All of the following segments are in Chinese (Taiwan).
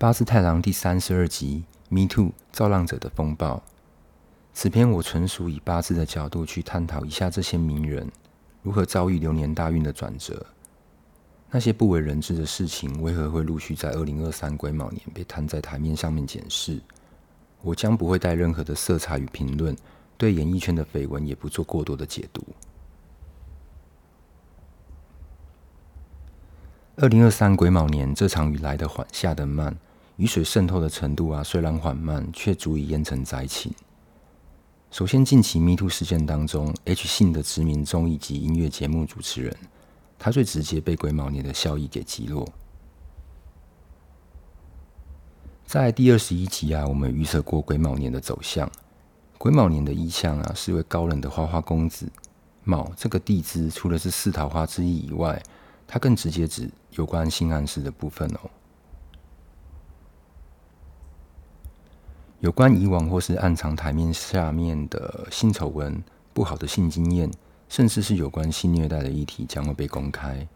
八字太郎第三十二集《Me Too》造浪者的風暴。此篇我純屬以八字的角度去探討一下這些名人如何遭遇流年大運的轉折。那些不為人知的事情為何會陸續在二零二三癸卯年被攤在台面上面檢視？我將不會帶任何的色彩與評論，對演藝圈的緋聞也不做過多的解讀。二零二三癸卯年這場雨來得緩，下得慢。雨水滲透的程度啊，雖然緩慢，卻足以淹成災情。首先，近期 MeToo 事件當中，H 姓的知名綜藝及音樂節目主持人，他最直接被癸卯年的效益給擊落。在第二十一集啊，我們預設過癸卯年的走向。癸卯年的意象啊，是位高冷的花花公子。卯這個地支，除了是四桃花之一以外，它更直接指有關性暗示的部分哦。有關以往或是暗藏台面下面的性醜聞、不好的性經驗，甚至是有關性虐待的議題，將會被公開。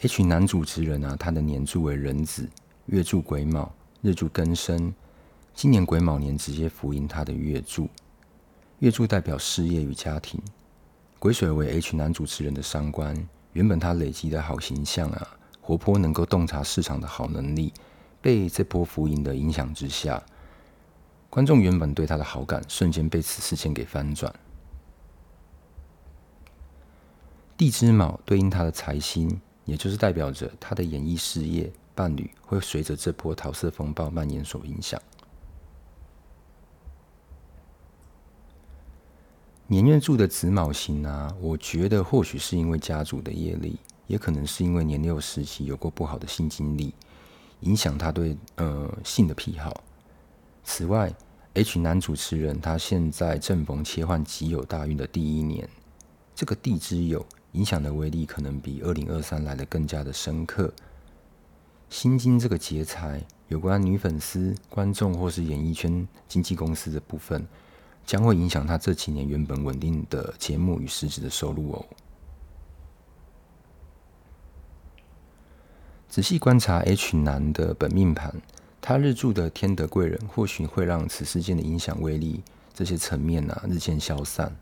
H 男主持人啊，他的年柱為壬子，月柱癸卯，日柱庚申，今年癸卯年直接伏吟他的月柱，月柱代表事業與家庭。癸水為 H 男主持人的傷官，原本他累積的好形象啊，活潑能夠洞察市場的好能力，被這波伏吟的影響之下。觀眾原本對他的好感，瞬間被此事件給翻轉。地支卯對應他的財星，也就是代表着他的演藝事業、伴侶會隨着這波桃色風暴蔓延所影響。年月柱的子卯刑啊，我覺得或許是因為家族的業力，也可能是因為年幼時期有過不好的性經歷，影響他對呃性的癖好。此外，H 男主持人他現在正逢切換己酉大運的第一年，這個地支酉影響的威力可能比二零二三來得更加的深刻。辛金這個劫財有關女粉絲、觀眾或是演藝圈經紀公司的部分，將會影響他這幾年原本穩定的節目與實質的收入哦。仔細觀察 H 男的本命盤。他日柱的天德貴人，或許會讓此事件的影響威力這些層面呢、啊、日漸消散。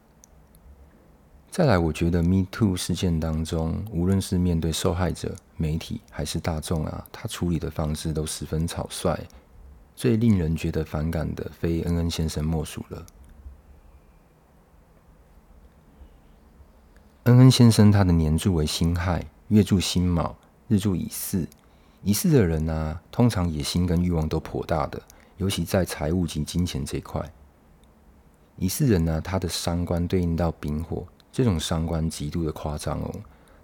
再來，我覺得 MeToo 事件當中，無論是面對受害者、媒體還是大眾啊，他處理的方式都十分草率。最令人覺得反感的，非恩恩先生莫屬了。恩恩先生，他的年柱為辛亥，月柱辛卯，日柱乙巳。乙巳的人呢、啊，通常野心跟慾望都頗大的，尤其在財務及金錢這塊。乙巳人呢、啊，他的傷官對應到丙火，這種傷官極度的誇張哦。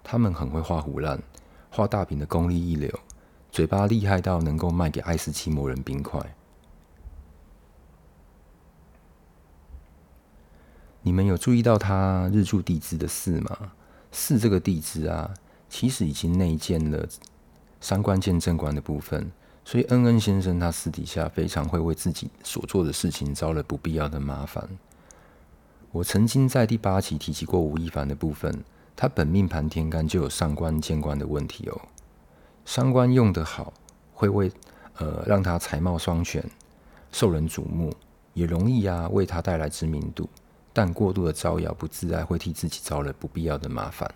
他們很會畫唬爛，畫大餅的功力一流，嘴巴厲害到能夠賣給愛斯基摩人冰塊。你們有注意到他日柱地支的巳嗎？巳這個地支啊，其實已經內建了。傷官見正官的部分，所以恩恩先生他私底下非常會為自己所做的事情招惹不必要的麻煩。我曾經在第八期提及過吳亦凡的部分，他本命盤天干就有傷官見官的問題哦。傷官用得好，會為呃讓他才貌雙全，受人矚目，也容易啊為他帶來知名度。但過度的招搖不自愛，會替自己招惹不必要的麻煩。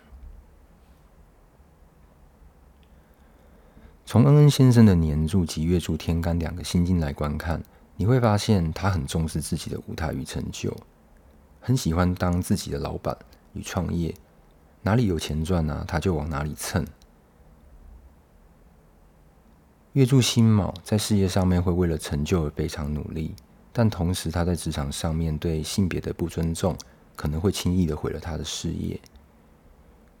從恩恩先生的年柱及月柱天干兩個心境來觀看，你會發現他很重視自己的舞台與成就，很喜歡當自己的老板與創業，哪裡有錢賺呢、啊，他就往哪裡蹭。月柱辛卯在事業上面會為了成就而非常努力，但同時他在職場上面對性別的不尊重，可能會輕易的毀了他的事業。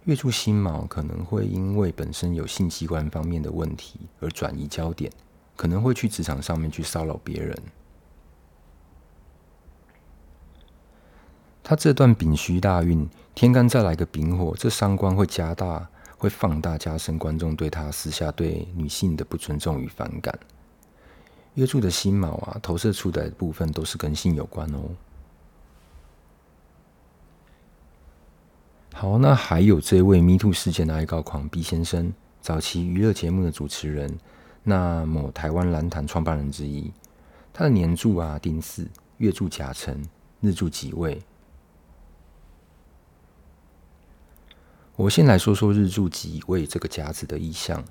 月柱辛卯可能會因為本身有性器官方面的問題而轉移焦點，可能會去職場上面去騷擾別人。他這段丙戌大運，天干再來個丙火，這三關會加大，會放大、加深觀眾對他私下對女性的不尊重與反感。月柱的辛卯啊，投射出來的部分都是跟性有關哦。好，那還有這位 MeToo 事件的愛告狂 B 先生，早期娛樂節目的主持人，那某台灣藍壇創辦人之一，他的年柱啊丁巳，月柱甲辰，日柱己未。我先來說說日柱己未這個甲子的意象，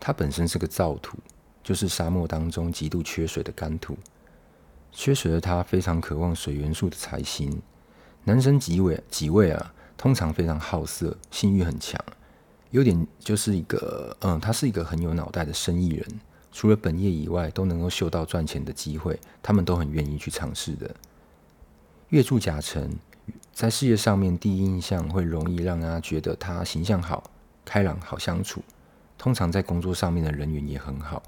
它本身是個燥土，就是沙漠當中極度缺水的乾土，缺水的他非常渴望水元素的財星，男生己未，己未啊。通常非常好色，性慾很強，優點就是一個，嗯，他是一個很有腦袋的生意人，除了本業以外，都能夠嗅到賺錢的機會，他們都很願意去嘗試的。月柱甲辰，在事業上面第一印象會容易讓人家覺得他形象好，開朗，好相處，通常在工作上面的人緣也很好。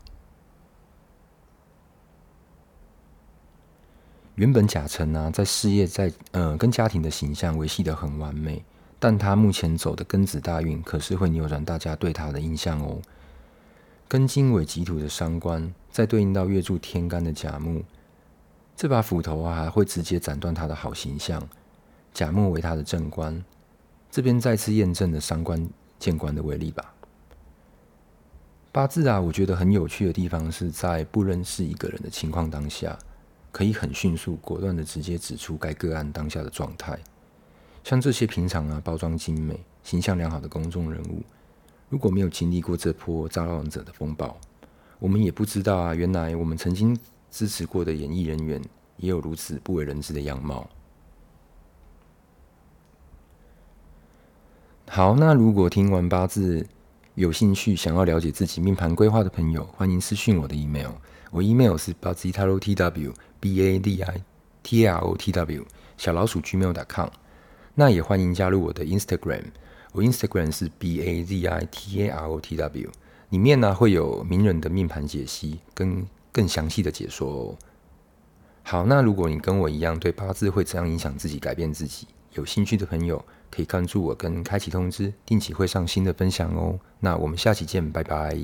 原本甲辰啊，在事業在呃跟家庭的形象維繫的很完美，但他目前走的庚子大運可是會扭轉大家對他的印象哦。庚金為己土的傷官，再對應到月柱天干的甲木，這把斧頭啊會直接斬斷他的好形象。甲木為他的正官，這邊再次驗證了傷官見官的威力吧。八字啊，我覺得很有趣的地方是在不認識一個人的情況當下，可以很迅速、果斷的直接指出該個案當下的狀態。像這些平常啊，包裝精美、形象良好的公眾人物，如果沒有經歷過這波造浪者的風暴，我們也不知道啊，原來我們曾經支持過的演藝人員也有如此不為人知的樣貌。好，那如果聽完八字。有興趣想要了解自己命盤規劃的朋友，歡迎私訊我的 email，我 email 是 bazitarotw b, w, b a d i t a r o t w 小老鼠 gmail.com。那也歡迎加入我的 Instagram，我 Instagram 是 b a z i t a r o t w，裡面呢會有名人的命盤解析跟更詳細的解說哦。好，那如果你跟我一樣對八字會怎樣影響自己、改變自己有興趣的朋友，可以關注我跟開啟通知，定期會上新的分享哦。那我們下期見，拜拜。